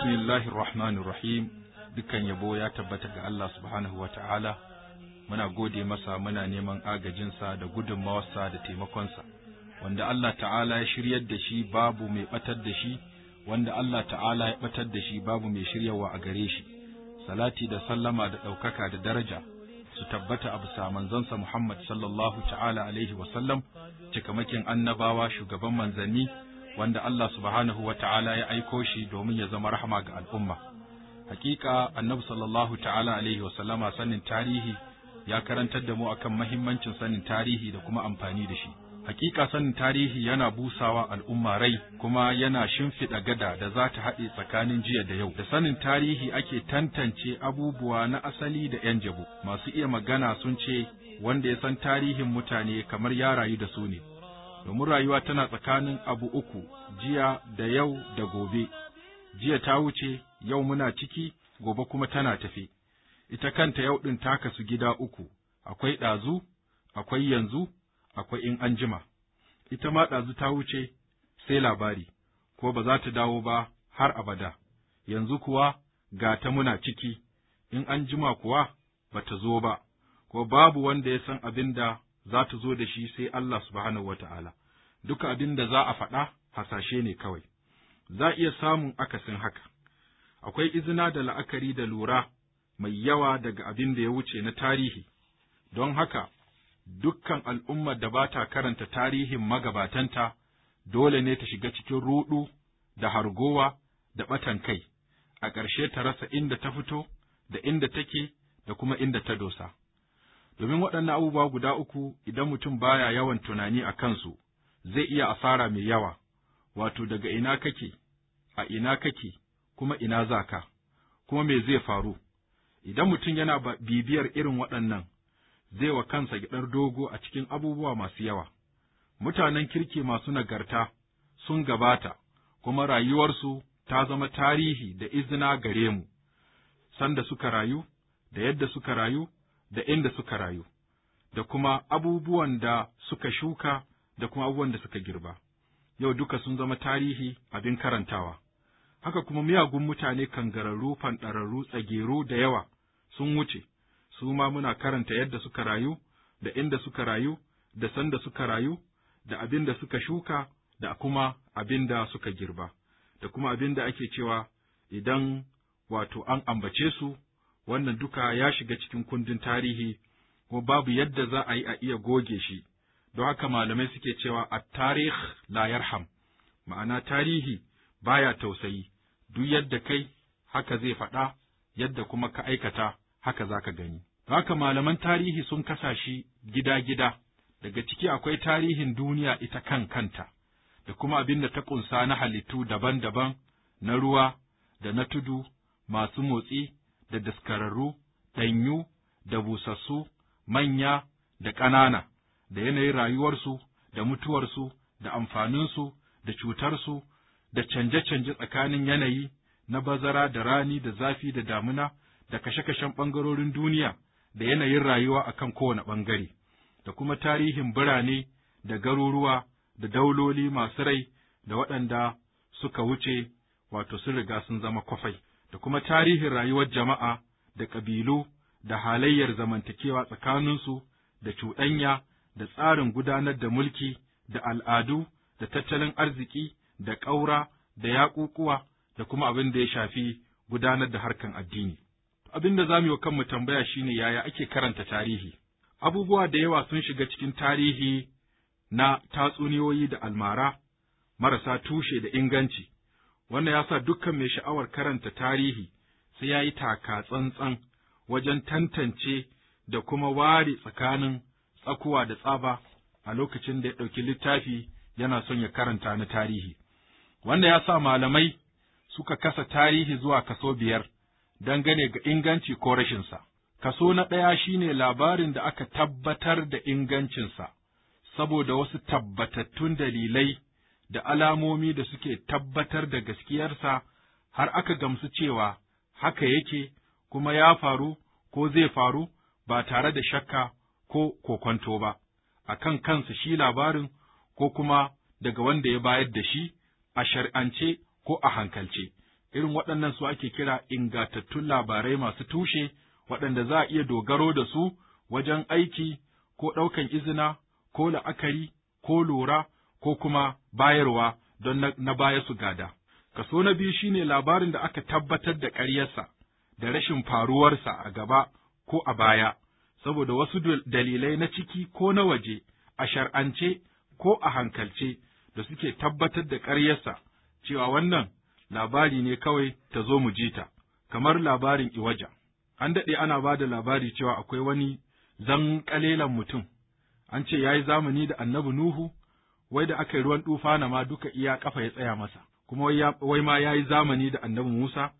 Bismillahir Rahim dukan yabo ya tabbata ga Allah subhanahu wa ta'ala muna gode masa muna neman agajinsa da gudunmawarsa da taimakonsa wanda Allah ta'ala ya shiryar da shi babu mai batar da shi wanda Allah ta'ala ya batar da shi babu mai shiryawa a gare shi salati da sallama da ɗaukaka da daraja su tabbata a bisa manzansa Muhammad sallallahu ta'ala alaihi wa cikamakin annabawa shugaban manzanni wanda Allah subhanahu wa ta'ala ya aiko shi domin ya zama rahama ga al'umma. Hakika annabi sallallahu ta'ala alaihi wasallama sanin tarihi ya karantar da mu akan mahimmancin sanin tarihi da kuma amfani da shi. Hakika sanin tarihi yana busawa al'umma rai kuma yana shimfiɗa gada da za ta haɗe tsakanin jiya da yau. Da sanin tarihi ake tantance abubuwa na asali da ‘yan jabu. Masu iya magana sun ce wanda ya san tarihin mutane kamar ya rayu da su ne, domin rayuwa tana tsakanin abu uku, jiya da yau da gobe, jiya ta wuce, yau muna ciki, gobe kuma tana tafe, ita kanta yau ɗin ta kasu gida uku, akwai ɗazu, akwai yanzu, akwai in an jima, ita ma ɗazu ta wuce sai labari, ko ba za ta dawo ba har abada, yanzu kuwa ga ta muna ciki, in an jima kuwa ba ta zo ba, ko babu wanda ya san abin da za ta zo da shi sai Allah subhanahu wa ta'ala, duka abin da za a faɗa hasashe ne kawai, za iya samun akasin haka, akwai izina da la'akari da lura mai yawa daga abin da ya wuce na tarihi, don haka dukkan al'umma da ba ta karanta tarihin magabatanta dole ne ta shiga cikin ruɗu da hargowa da ɓatan kai, a ƙarshe ta rasa inda ta fito, da inda take, da kuma inda ta dosa. domin waɗannan abubuwa guda uku idan mutum baya yawan tunani a kansu, zai iya asara mai yawa, wato daga ina kake, a ina kake, kuma ina za ka, kuma me zai faru. Idan mutum yana bibiyar irin waɗannan, zai wa kansa gyaɗar dogo a cikin abubuwa masu yawa. Mutanen kirki masu nagarta sun gabata, kuma rayuwarsu ta zama tarihi da izina gare mu, sanda suka rayu, da yadda suka rayu, da inda suka rayu, da kuma abubuwan da suka shuka da kuma abubuwan da suka girba. Yau duka sun zama tarihi abin karantawa. Haka kuma miyagun mutane kan kangararru, fanɗararru, tsageru da yawa sun wuce, su ma muna karanta yadda suka rayu, da inda suka rayu, da sanda suka rayu, da abin da suka shuka, da kuma abin da suka girba, da kuma abin da ake cewa idan wato an ambace su wannan duka ya shiga cikin kundin tarihi kuma babu yadda za a yi a iya goge shi don haka malamai suke cewa a tarih la yarham ma'ana tarihi baya tausayi duk yadda kai haka zai faɗa yadda kuma ka aikata haka za ka gani haka malaman tarihi sun kasa shi gida-gida daga ciki akwai tarihin duniya ita kan kanta da kuma abin da ta ƙunsa na halittu daban-daban na ruwa da na tudu masu motsi da daskararru, ɗanyu, da busassu, manya da ƙanana, da yanayin rayuwarsu, da mutuwarsu, da amfaninsu, da cutarsu, da canje-canje tsakanin yanayi na bazara da rani da zafi da damuna, da kashe-kashen ɓangarorin duniya, da yanayin rayuwa a kan kowane ɓangare, da kuma tarihin birane da garuruwa da dauloli masu rai da waɗanda suka wuce wato sun riga sun zama kwafai. da kuma tarihin rayuwar jama'a da ƙabilu da halayyar zamantakewa tsakaninsu da cuɗanya da tsarin gudanar da mulki da al'adu da tattalin arziki da ƙaura da yaƙuƙuwa da kuma abin da ya shafi gudanar da harkan addini. Abin da za mu yi wa kanmu tambaya shine yaya ake karanta tarihi. Abubuwa da yawa sun shiga cikin tarihi na tatsuniyoyi da almara marasa tushe da inganci, Wannan ya sa dukkan mai sha'awar karanta tarihi sai ya yi taka tsantsan wajen tantance da kuma ware tsakanin tsakuwa da tsaba a lokacin da ya ɗauki littafi yana son ya karanta na tarihi. Wanda ya sa malamai suka kasa tarihi zuwa kaso biyar dangane ga inganci ko rashinsa. Kaso na ɗaya shine labarin da aka tabbatar da ingancinsa, saboda wasu tabbatattun dalilai da alamomi da suke tabbatar da gaskiyarsa har aka gamsu cewa haka yake kuma ya faru ko zai faru ba tare da shakka ko kokwanto ba, a kan kansa shi labarin ko kuma daga wanda ya bayar da shi a shar'ance ko a hankalce. Irin waɗannan su ake kira ingantattun labarai masu tushe waɗanda za a iya dogaro da su wajen aiki ko ɗaukan izina ko la'akari ko lura ko kuma bayarwa don na baya su gada. Kaso na biyu shi ne labarin da aka tabbatar da ƙaryarsa da rashin faruwarsa a gaba ko a baya, saboda wasu dalilai na ciki ko na waje, a shar'ance ko a hankalce da suke tabbatar da ƙaryarsa cewa wannan labari ne kawai ta zo mu ji ta, kamar labarin iwaja. An daɗe ana ba da labari cewa akwai wani zan mutum, an ce ya yi zamani da annabi Nuhu, wai da aka yi ruwan na ma duka iya kafa ya tsaya masa kuma wai ma ya yi zamani da annabi Musa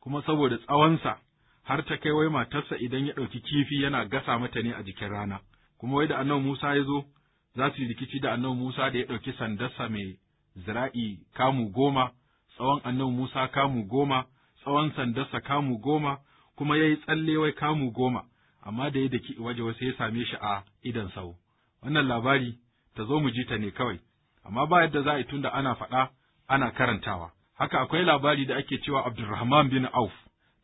kuma saboda tsawonsa har ta kai wai matarsa idan ya ɗauki kifi yana gasa mata ne a jikin rana kuma wai da annabi Musa ya zo za su rikici da annabi Musa da ya ɗauki sandarsa mai zira'i kamu goma tsawon annabi Musa kamu goma tsawon sandarsa kamu goma kuma ya yi tsalle wai kamu goma amma da ya daki waje wasu ya same shi a idan sau wannan labari ta zo mu ji ta ne kawai, amma ba yadda za a yi tun da ana faɗa ana karantawa. Haka akwai labari da ake cewa Abdulrahman bin Auf,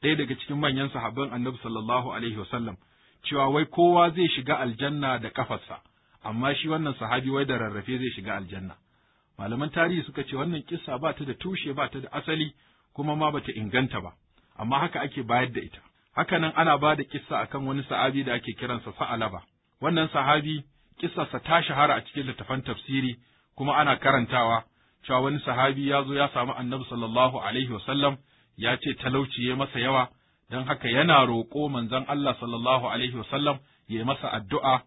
ɗaya daga cikin manyan sahabban Annabi sallallahu alaihi wasallam, cewa wai kowa zai shiga aljanna da ƙafarsa, amma shi wannan sahabi wai da rarrafe zai shiga aljanna. Malaman tarihi suka ce wannan kissa ba ta da tushe ba ta da asali kuma ma ba ta inganta ba, amma haka ake bayar da ita. Haka nan ana ba da kissa akan wani sahabi da ake kiransa Sa'alaba. Wannan sahabi kisarsa ta shahara a cikin littafan tafsiri kuma ana karantawa cewa wani sahabi ya zo ya samu annabi sallallahu alaihi wasallam ya ce talauci ya masa yawa don haka yana roƙo manzon Allah sallallahu alaihi wasallam ya masa addu'a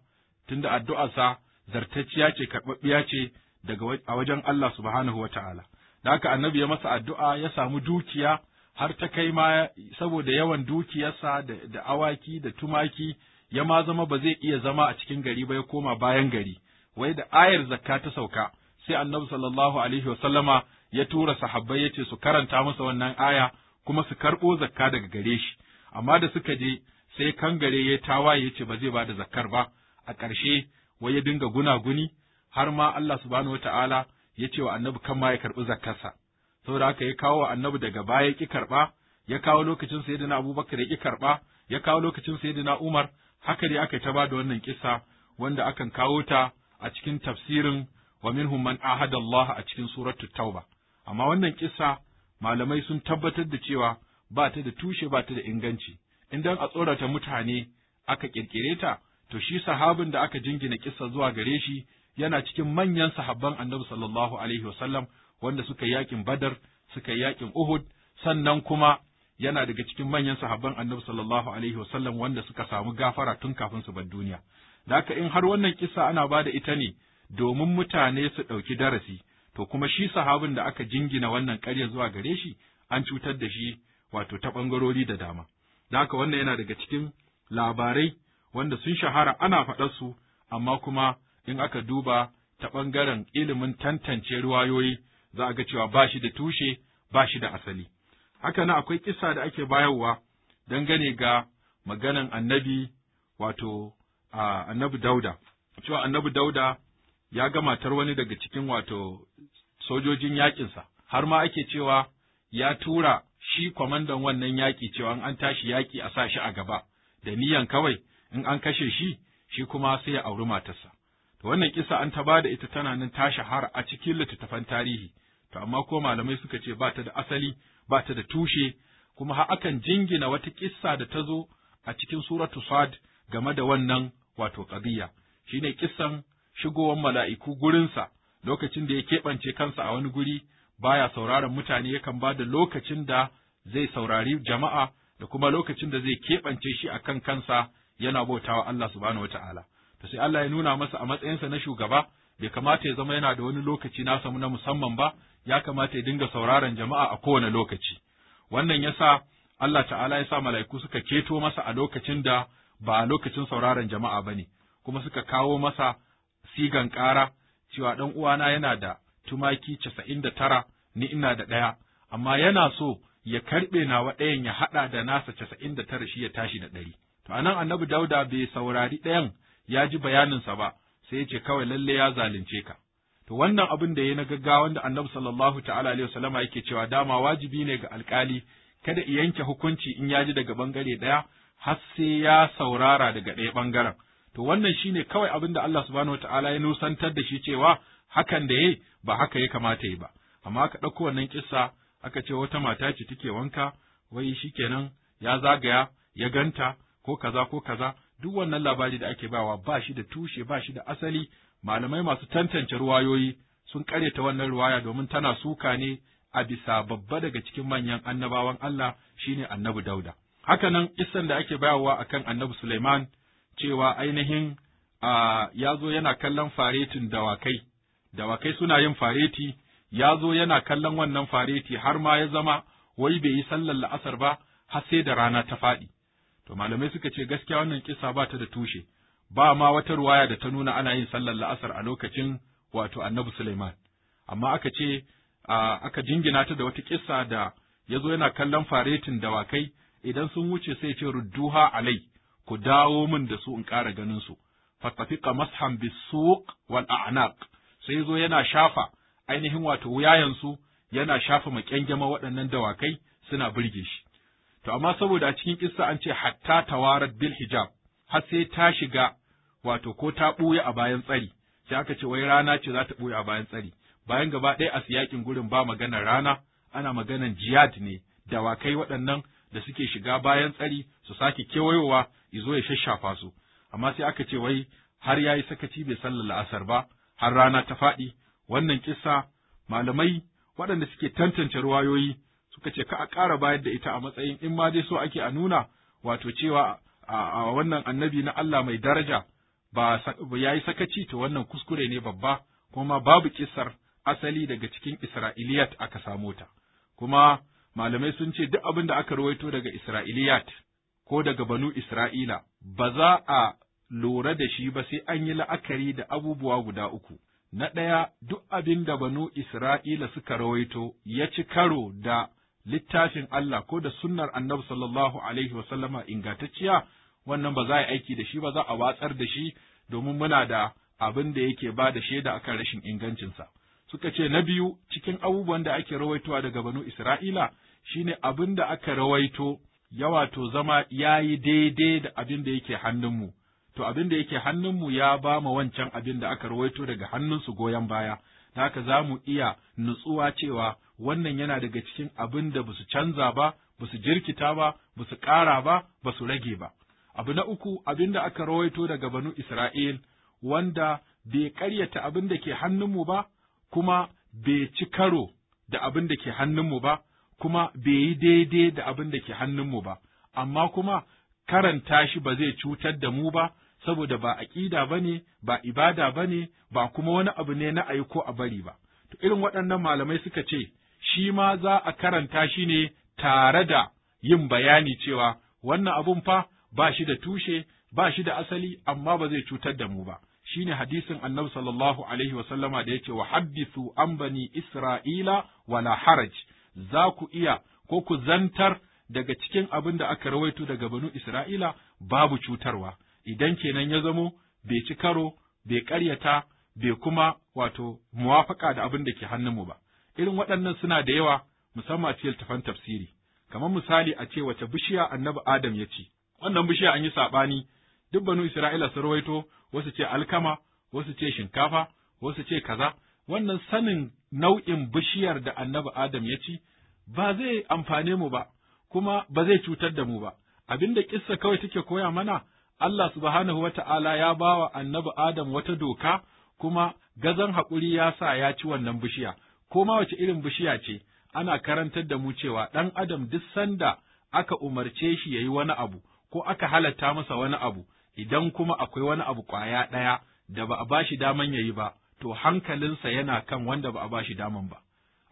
tunda addu'arsa zartacciya ce karɓaɓɓiya ce daga a wajen Allah subhanahu wata'ala da haka annabi ya masa addu'a ya samu dukiya har ta kai ma saboda yawan dukiyarsa da awaki da tumaki ya ma zama ba zai iya zama a cikin gari ba ya koma bayan gari wai da ayar zakka ta sauka sai annabi sallallahu alaihi wasallama ya tura sahabbai ce su karanta masa wannan aya kuma su karɓo zakka daga gare shi amma da suka je sai kan gare ya tawaye ya ce ba zai ba da zakkar ba a ƙarshe wai ya dinga gunaguni har ma Allah subhanahu Ta'ala ya ce wa annabi kan ma ya karɓi zakkarsa saboda haka ya kawo annabi daga baya ya ƙi karɓa ya kawo lokacin na Abubakar ya ƙi karɓa ya kawo lokacin na Umar haka dai aka ta bada wannan kisa wanda akan kawo ta a cikin tafsirin wa minhum man ahada Allah a cikin suratu tauba amma wannan kisa malamai sun tabbatar da cewa ba ta da tushe ba ta da inganci idan a tsorata mutane aka kirkire ta to shi sahabin da aka jingina kisa zuwa gare shi yana cikin manyan sahabban annabi sallallahu alaihi wasallam wanda suka yi yakin badar suka yi yakin uhud sannan kuma yana daga cikin manyan sahabban annabi sallallahu alaihi wasallam wanda suka samu gafara tun kafin su bar duniya da haka in har wannan kisa ana ba da ita ne domin mutane su ɗauki darasi to kuma shi sahabin da aka jingina wannan ƙarya zuwa gare shi an cutar da shi wato ta ɓangarori da dama da haka wannan yana daga cikin labarai wanda sun shahara ana faɗar su amma kuma in aka duba ta ɓangaren ilimin tantance ruwayoyi za a ga cewa ba shi da tushe ba shi da asali Haka nan akwai kisa da ake bayarwa dangane ga maganan annabi wato annabi Dauda. Cewa annabi Dauda ya gamatar wani daga cikin wato sojojin yaƙinsa, har ma ake cewa ya tura shi kwamandan wannan yaƙi cewa an tashi yaƙi a sa shi a gaba, da niyan kawai in an kashe shi, shi kuma sai ya auri matarsa. To wannan kisa an ta da ita tana nan ta har a cikin littattafan tarihi, to amma ko malamai suka ce ba ta da asali ba ta da tushe kuma har akan jingina wata kissa da ta zo a cikin suratu Sad game da wannan wato Shi ne kissan shigowar mala'iku gurinsa lokacin da ya keɓance kansa a wani guri baya sauraron mutane yakan ba da lokacin da zai saurari jama'a da kuma lokacin da zai keɓance shi a kan kansa yana bautawa Allah subhanahu wa ta'ala. Ta sai Allah ya nuna masa a matsayinsa na shugaba bai kamata ya zama yana da wani lokaci na samu na musamman ba ya kamata ya dinga sauraron jama'a a kowane lokaci wannan ya sa Allah ta'ala ya sa mala'iku suka keto masa a lokacin da ba a lokacin sauraron jama'a ba ne. kuma suka kawo masa sigan ƙara cewa ɗan uwana yana da tumaki casa'in da tara ni ina da ɗaya amma yana so ya karɓe nawa ɗayan ya haɗa da nasa casa'in da tara shi ya tashi da ɗari. To anan annabi Dauda bai saurari ɗayan ya ji bayaninsa ba, sai ya ce kawai lalle ya zalunce ka to wannan abin da ya na gaggawa wanda annabi sallallahu ta'ala alaihi wasallama yake cewa dama wajibi ne ga alkali kada i yanke hukunci in ya ji daga bangare ɗaya har sai ya saurara daga ɗaya bangaren to wannan shine kawai abin da Allah subhanahu wataala ya nusantar da shi cewa hakan da yayi ba haka ya kamata yi ba amma aka ɗauko wannan kissa aka ce wata mata ce take wanka wai shikenan ya zagaya ya ganta ko kaza ko kaza duk wannan labari da ake bawa ba shi da tushe ba shi da asali malamai masu tantance ruwayoyi sun ta wannan ruwaya domin tana suka ne a bisa babba daga cikin manyan annabawan Allah shine annabi Dauda. Haka nan, isan da ake bayarwa akan annabi Suleiman cewa ainihin ya zo yana kallon faretin dawakai, dawakai suna yin fareti, ya zo yana kallon wannan fareti har ma ya zama wai bai yi sallar la'asar ba har sai da rana ta faɗi. To malamai suka ce gaskiya wannan kisa ba ta da tushe, ba ma wata ruwaya da ta nuna ana yin sallar la'asar a lokacin wato annabi Suleiman. Amma aka ce aka jingina ta da wata kisa da ya zo yana kallon faretin dawakai idan sun wuce sai ce rudduha alai ku dawo min da su in ƙara ganin su. Fatafiqa mashan bisuq wal a'naq sai zo yana shafa ainihin wato wuyayensu yana shafa maƙyangyama waɗannan dawakai suna burge shi. To amma saboda a cikin kissa an ce hatta tawarat bil hijab har sai ta shiga wato ko ta ɓuya a bayan tsari sai aka ce wai rana ce za ta ɓuya a bayan tsari bayan gaba ɗaya a siyakin gurin ba maganar rana ana maganar jihad ne da dawakai waɗannan da suke shiga bayan tsari su sake kewayowa ya zo ya shashafa su amma sai aka ce wai har ya yi sakaci bai sallar la'asar ba har rana ta faɗi wannan kissa malamai waɗanda suke tantance ruwayoyi suka ce ka a ƙara bayar da ita a matsayin in ma dai so ake a nuna wato cewa a wannan annabi na Allah mai daraja ba ya yi sakaci to wannan kuskure ne babba kuma babu kisar asali daga cikin Isra'iliyat aka samo ta. Kuma malamai sun ce duk abin da aka rawaito daga Isra'iliyat ko daga banu Isra'ila ba za a lura da shi ba sai an yi la'akari da abubuwa guda uku. Na ɗaya duk abin da banu Isra'ila suka rawaito ya ci karo da littafin Allah ko da sunnar annabi sallallahu alaihi wasallama ingantacciya wannan ba za a yi aiki da shi ba za a watsar da shi domin muna da abin da yake ba da shaida akan rashin ingancinsa. Suka ce na biyu cikin abubuwan da ake rawaitowa daga banu Isra'ila shine abin da aka rawaito ya wato zama ya yi daidai da abin da yake hannunmu. To abin da yake hannunmu ya ba ma wancan abin da aka rawaito daga hannunsu goyon baya, da haka za mu iya nutsuwa cewa wannan yana daga cikin abin da ba su canza ba, ba su jirkita ba, ba su ƙara ba, ba su rage ba. Abu na uku abin da aka rawaito daga banu Isra'il wanda bai ƙaryata abin da ke hannunmu ba, kuma bai ci karo da abin da ke hannunmu ba, kuma bai yi daidai da abin da ke hannunmu ba, amma kuma karanta shi ba zai cutar da mu ba, saboda ba aƙida ba ne, ba ibada ba ne, ba kuma wani abu ne na aiko a bari ba. To irin waɗannan malamai suka ce, shi ma za a karanta shi ne tare da yin bayani cewa wannan abun fa ba shi da tushe, ba shi da asali, amma ba zai cutar da mu ba. Shi ne hadisin annabi sallallahu alaihi wasallama da ya ce wa haddithu an bani Isra'ila wala haraj, za ku iya ko ku zantar daga cikin abin da aka rawaito daga banu Isra'ila babu cutarwa, idan kenan ya zamo bai ci karo, bai ƙaryata, bai kuma wato muwafaka da abin da ke hannunmu ba. irin waɗannan suna da yawa musamman a ce littafan tafsiri kamar misali a ce wace bishiya annabi Adam ya ci wannan bishiya an yi saɓani duk banu Isra'ila su rawaito wasu ce alkama wasu ce shinkafa wasu ce kaza wannan sanin nau'in bishiyar da annabi Adam ya ci ba zai amfane mu ba kuma ba zai cutar da mu ba Abin da kissa kawai take koya mana Allah subhanahu wa ta'ala ya ba wa annabi Adam wata doka kuma gazan haƙuri ya sa ya ci wannan bishiya, ko ma wace irin bishiya ce, ana karantar da mu cewa ɗan adam duk sanda aka umarce shi ya yi wani abu, ko aka halatta masa wani abu, idan kuma akwai wani abu ƙwaya ɗaya da ba a ba shi daman ya yi ba, to hankalinsa yana kan wanda ba a ba shi daman ba.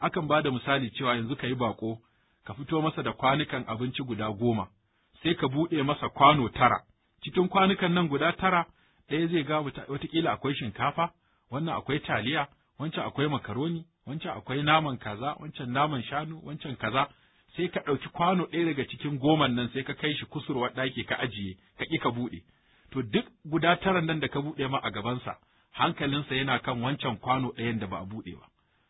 Akan ba da misali cewa yanzu ka yi baƙo, ka fito masa da kwanukan abinci guda goma, sai ka buɗe masa kwano tara. Cikin kwanukan nan guda tara, ɗaya zai ga Wataƙila akwai shinkafa, wannan akwai taliya, wancan akwai makaroni, wancan akwai naman kaza wancan naman shanu wancan kaza sai ka ɗauki kwano ɗaya daga cikin goman nan sai ka kai shi kusurwa ɗaki ka ajiye ka ƙi ka buɗe to duk guda tara nan da ka buɗe ma a gabansa hankalinsa yana kan wancan kwano ɗayan da ba a buɗe ba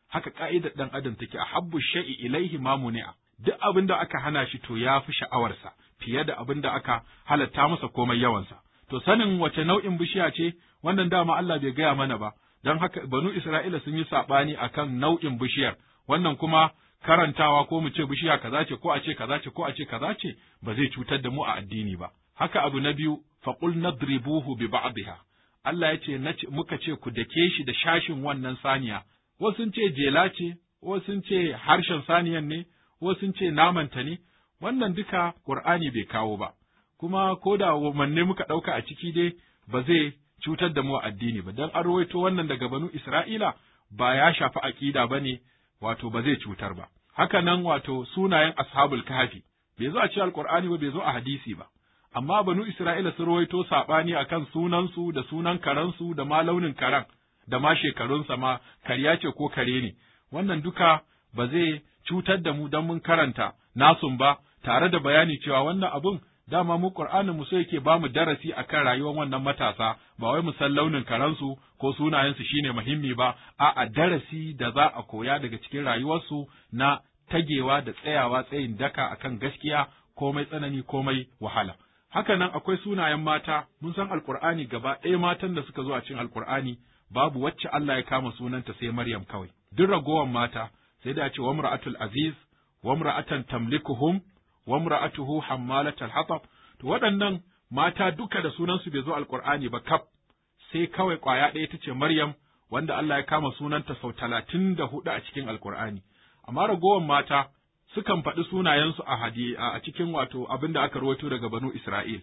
haka ka'idar ɗan adam take a habbu Sha'i, ilaihi mamuni'a duk abin da aka hana shi to ya fi sha'awarsa fiye da abin da aka halatta masa komai yawansa to sanin wace nau'in bishiya ce wannan dama Allah bai gaya mana ba don haka banu Isra'ila sun yi saɓani a kan nau'in bishiyar, wannan kuma karantawa ko mu ce bishiya kaza ce ko a ce kaza ce ko a ce kaza ce ba zai cutar da mu a addini ba. Haka abu na biyu, faƙul nadribuhu bi ba'diha. Allah ya ce muka ce ku dake shi da shashin wannan saniya, wasu sun ce jela ce, wasu sun ce harshen saniyan ne, wasu sun ce namanta ne, wannan duka Ƙur'ani bai kawo ba. Kuma ko da manne muka ɗauka a ciki dai ba zai cutar da mu a addini ba dan an ruwaito wannan daga banu Isra'ila ba ya shafi aƙida ba ne wato ba zai cutar ba haka nan wato sunayen ashabul kahfi bai zo a ci Alƙur'ani ba bai zo a hadisi ba amma banu Isra'ila sun rawaito saɓani a kan sunansu da sunan karensu da ma launin karen, da ma shekarunsa ma karya ce ko kare ne, wannan duka ba zai cutar da mu don mun karanta nasun ba, tare da bayani cewa wannan abun dama mu Qur'anin mu so yake ba mu darasi akan rayuwar wannan matasa ba wai mu san launin karansu ko sunayensu shine muhimmi ba a'a darasi da za a koya daga cikin rayuwarsu na tagewa da tsayawa tsayin daka akan gaskiya komai tsanani komai wahala haka nan akwai sunayen mata mun san alkur'ani gaba ɗaya matan da suka zo a cikin alkur'ani babu wacce Allah ya kama sunanta sai Maryam kawai duk ragowar mata sai da ce wamra'atul aziz wamra'atan tamlikuhum wa mura'atuhu hammalat al-hatab to waɗannan mata duka da sunansu bai zo alqur'ani ba kaf sai kawai ƙwaya ɗaya ta ce Maryam wanda Allah ya kama sunanta sau talatin da hudu a cikin alqur'ani amma ragowar mata sukan faɗi sunayensu a hadi a cikin wato abin da aka rawaito daga banu Isra'il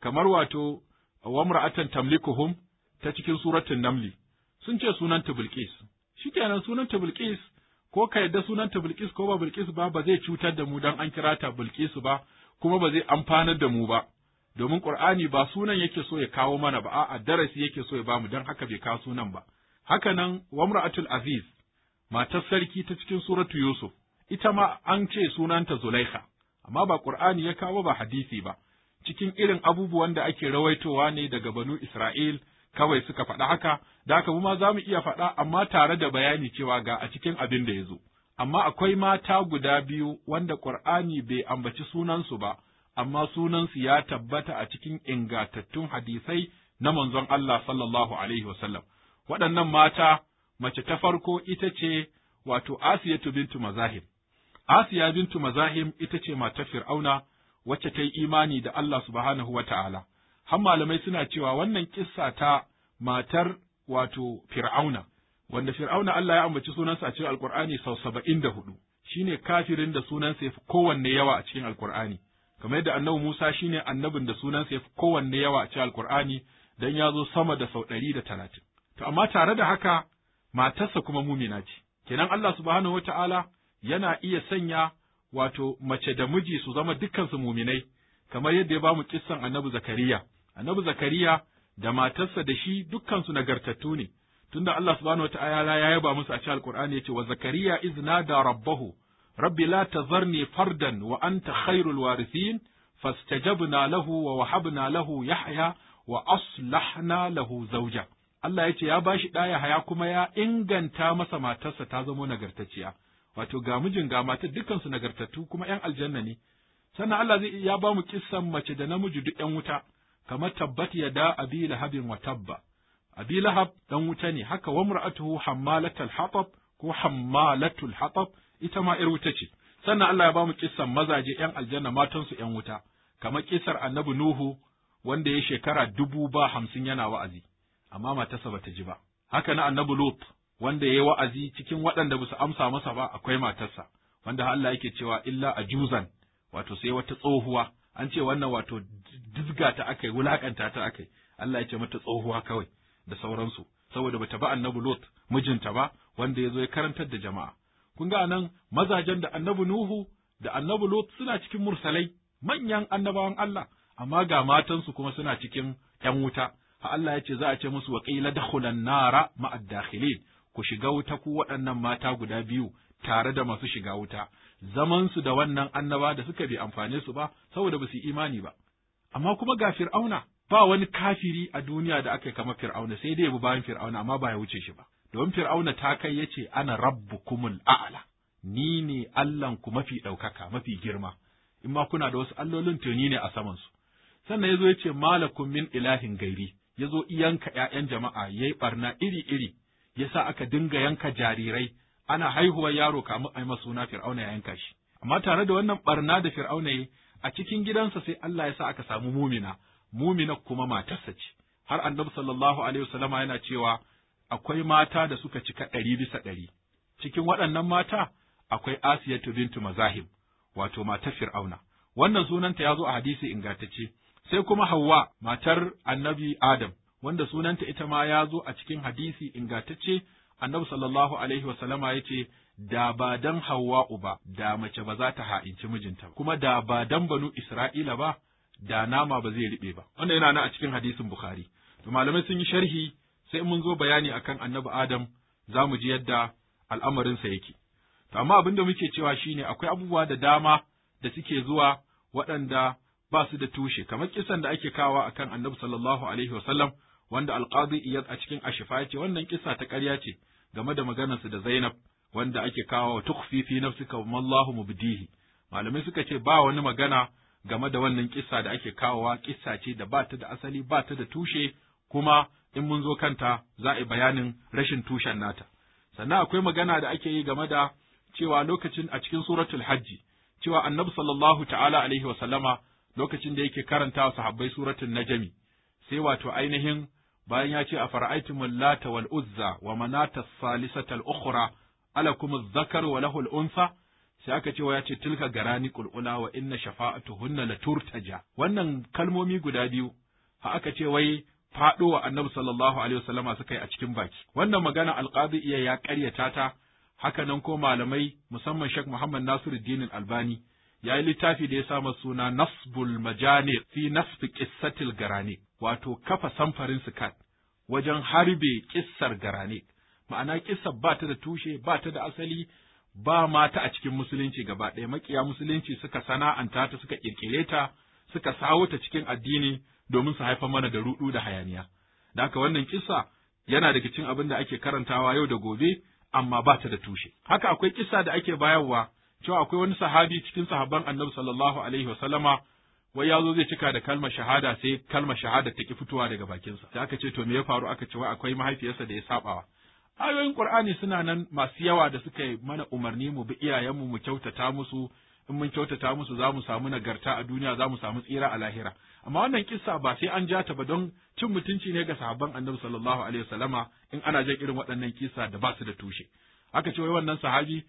kamar wato wa mura'atan tamlikuhum ta cikin suratul namli sun ce sunanta Bilqis shikenan sunanta Bilqis ko ka yadda sunanta Bilkis ko ba Bilkis ba ba zai cutar da mu dan an kira ta Bilkisu ba kuma ba zai amfanar da mu ba domin Qur'ani ba sunan yake so ya kawo mana ba a'a darasi yake so ya bamu dan haka bai kawo sunan ba haka nan wamra'atul aziz matar sarki ta cikin suratu Yusuf ita ma an ce sunanta Zulaikha amma ba Qur'ani ya kawo ba hadisi ba cikin irin abubuwan da ake rawaitowa ne daga banu Isra'il kawai suka faɗa haka da haka mu ma za mu iya faɗa amma tare da bayani cewa ga a cikin abin da ya zo amma akwai mata guda biyu wanda Ƙur'ani bai ambaci sunansu ba amma sunansu ya tabbata a cikin ingantattun hadisai na manzon Allah sallallahu alaihi wasallam waɗannan mata mace ta farko ita ce wato Asiyatu bintu Mazahim Asiya bintu Mazahim ita ce matar Fir'auna wacce ta yi imani da Allah subhanahu wa ta'ala har malamai suna cewa wannan kissa ta matar wato fir'auna wanda fir'auna Allah ya ambaci sunansa a cikin alkur'ani sau saba'in da hudu shine kafirin da sunansa ya fi kowanne yawa a cikin alkur'ani kamar yadda annabi Musa shine annabin da sunansa ya fi kowanne yawa a cikin alkur'ani dan ya zo sama da sau ɗari da talatin to amma tare da haka matarsa kuma mumina ce kenan Allah subhanahu wata'ala yana iya sanya wato mace da miji su zama dukkansu muminai kamar yadda ya bamu kissan annabi Zakariya annabi Zakariya da matarsa da shi dukkansu nagartattu ne, tunda Allah subhanahu wata'ala ya yaba musu a cikin Alƙur'ani ya ce wa Zakariya izna da rabbahu rabbi la tazarni fardan wa ta khairul warithin fastajabna lahu wa wahabna lahu yahya wa aslahna lahu zauja. Allah ya ce ya bashi ɗaya haya kuma ya inganta masa matarsa ta zamo nagartacciya wato ga mijin ga matar dukkansu nagartattu kuma ’yan aljanna ne sannan Allah zai ya ba mu kissan mace da namiji duk ’yan wuta kamar tabbat ya da abi lahabin wa tabba abi lahab dan wuta ne haka wa mar'atuhu hammalatul hatab ko hammalatul hatab ita ma 'yar wuta ce sannan Allah ya ba mu kissan mazaje ‘yan aljanna matansu ‘yan wuta, kamar kisar annabi Nuhu wanda ya shekara dubu ba hamsin yana wa'azi, amma matarsa ba ta ji ba. Haka na annabi Lut wanda ya yi wa'azi cikin waɗanda ba su amsa masa ba akwai matarsa, wanda Allah yake cewa illa a juzan, wato sai wata tsohuwa, an ce wannan wato dizga ta akai wulakanta ta akai Allah ya ce mata tsohuwa kawai da sauransu saboda bata ba annabi Lot mijinta ba wanda ya zo ya karantar da jama'a kun ga nan mazajen da annabi Nuhu da annabi Lot suna cikin mursalai manyan annabawan Allah amma ga matansu kuma suna cikin ‘yan wuta, ha Allah ya ce za a ce musu waƙila dakhulan nara dakhilin ku shiga wuta ku waɗannan mata guda biyu tare da masu shiga wuta, zamansu da wannan annaba da suka bi amfane su ba, saboda ba su imani ba. amma kuma ga fir'auna ba wani kafiri a duniya da aka kama fir'auna sai dai ya bayan fir'auna amma ba ya wuce shi ba don fir'auna ta kai ya ce ana rabbukumul a'ala ni ne Allahnku mafi ɗaukaka mafi girma in ma kuna da wasu allolin to ni ne a samansu sannan ya zo ya ce malakum min ilahin gairi ya zo yanka ’ya'yan jama'a ya yi ɓarna iri-iri ya sa aka dinga yanka jarirai ana haihuwar yaro kamu a suna fir'auna ya yanka shi amma tare da wannan ɓarna da fir'auna ya a cikin gidansa sai Allah ya sa aka samu mumina mumina kuma matarsa ce har annabi sallallahu alaihi wasallama yana cewa akwai mata da suka cika ɗari bisa ɗari cikin waɗannan mata akwai asiyatu bintu mazahim wato matar fir'auna wannan sunanta ya zo a hadisi ingantacce sai kuma Hauwa matar annabi Adam, wanda sunanta ita ma ya zo a cikin hadisi ingantacce, annabi sallallahu Alaihi wasallama ya ce, da ba dan Hawwa'u ba da mace ba za ta ha'inci mijinta kuma da ba dan banu Isra'ila ba da nama ba zai riɓe ba wannan yana nan a cikin hadisin Bukhari to malamai sun yi sharhi sai mun zo bayani akan Annabi Adam za mu ji yadda al'amarinsa yake to amma abin da muke cewa shine akwai abubuwa da dama da suke zuwa waɗanda ba su da tushe kamar kisan da ake kawa akan Annabi sallallahu alaihi wasallam wanda alqadi iyad a cikin ashifa ce wannan kisa ta ƙarya ce game da maganarsa da Zainab wanda ake kawo tukhfi fi nafsika mu mubdihi malamai suka ce ba wani magana game da wannan kissa da ake kawowa kissa ce da ba ta da asali ba ta da tushe kuma in mun zo kanta za a yi bayanin rashin tushen nata sannan akwai magana da ake yi game da cewa lokacin a cikin suratul hajji cewa annabi sallallahu ta'ala alaihi wa sallama lokacin da yake karanta sahabbai suratul najmi sai wato ainihin bayan ya ce a fara'aitumul lata wal uzza wa manata salisatal ukhra kuma zakar wa lahul unsa sai aka cewa ya ce tilka garani qulqula wa inna shafa'atuhunna la turtaja wannan kalmomi guda biyu ha aka ce wai faɗowa wa annabi sallallahu alaihi wasallama suka yi a cikin baki wannan magana alqadi iya ya karyata ta haka nan ko malamai musamman Sheikh Muhammad Nasiruddin Albani ya yi littafi da ya sa suna Nasbul Majani fi Nasb Qissatil Garani wato kafa samfarin sikat wajen harbe kissar Garani ma'ana kissa ba ta da tushe ba ta da asali ba mata a cikin musulunci gaba ɗaya makiya musulunci suka sana'anta ta suka ƙirƙire ta suka sawo ta cikin addini domin su haifa mana da ruɗu da hayaniya da haka wannan kissa yana daga cikin abin da ake karantawa yau da gobe amma ba ta da tushe haka akwai kissa da ake bayarwa cewa akwai wani sahabi cikin sahabban annabi sallallahu alaihi wa sallama wai ya zo zai cika da kalmar shahada sai kalmar shahada ta ki fitowa daga bakinsa Da aka ce to me ya faru aka ce wai akwai mahaifiyarsa da ya sabawa ayoyin Qur'ani suna nan masu yawa da suka yi mana umarni mu bi iyayenmu mu kyautata musu in mun kyautata musu za mu samu nagarta a duniya za mu samu tsira a lahira amma wannan kissa ba sai an ja ta ba don cin mutunci ne ga sahabban annabi sallallahu alaihi wasallama in ana jan irin waɗannan kissa da ba su da tushe aka ce wai wannan sahabi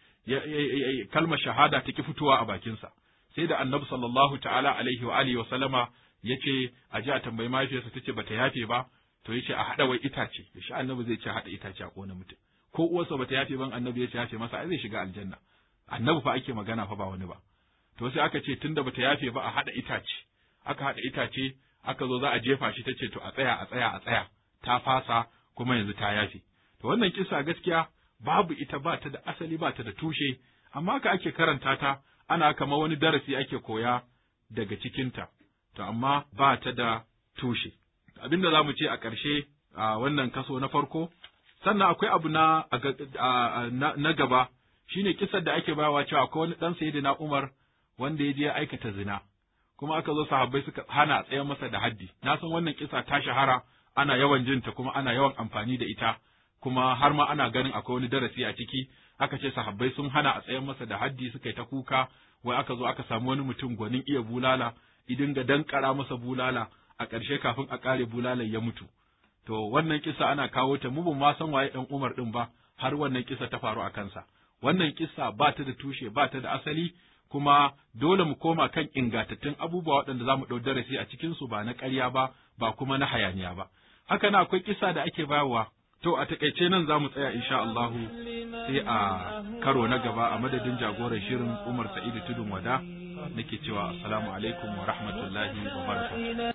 kalmar shahada ta ki fitowa a bakinsa sai da annabi sallallahu ta'ala alaihi wa alihi wasallama yace a ji a tambayi mahaifiyarsa tace bata yafe ba to yace a hada wai itace shi annabi zai ce hada itace a kona mutum ko uwarsa bata yafe ban annabi ya ce yafe masa ai zai shiga aljanna annabi fa ake magana fa ba wani ba to sai aka ce tunda bata yafe ba a hada itace aka hada itace aka zo za a jefa shi tace to a tsaya a tsaya a tsaya ta fasa kuma yanzu ta yafe to wannan kisa gaskiya babu ita ba ta da asali ba ta da tushe amma ka ake karanta ta ana kama wani darasi ake koya daga cikinta to amma ba ta da tushe abinda za mu ce a ƙarshe a wannan kaso na farko sannan akwai abu na na gaba ne kisar da ake bawa cewa akwai wani sayi na Umar wanda ya je ya aikata zina kuma aka zo sahabbai suka hana tsayar masa da haddi na san wannan kisa ta shahara ana yawan jinta kuma ana yawan amfani da ita kuma har ma ana ganin akwai wani darasi a ciki aka ce sahabbai sun hana a tsayar masa da haddi suka yi ta kuka wai aka zo aka samu wani mutum gwanin iya bulala idan ga dankara masa bulala a ƙarshe kafin a ƙare bulalar ya mutu to wannan kisa ana kawo ta mu ma san waye ɗan Umar ɗin ba har wannan kisa ta faru a kansa wannan kisa ba ta da tushe ba ta da asali kuma dole mu koma kan ingantattun abubuwa waɗanda za mu ɗau darasi a cikin su ba na ƙarya ba ba kuma na hayaniya ba haka na akwai kisa da ake bayarwa to a takaice nan za mu tsaya insha Allahu sai a karo na gaba a madadin jagoran shirin Umar Sa'idu Tudun Wada nake cewa assalamu alaikum wa rahmatullahi wa barakatuh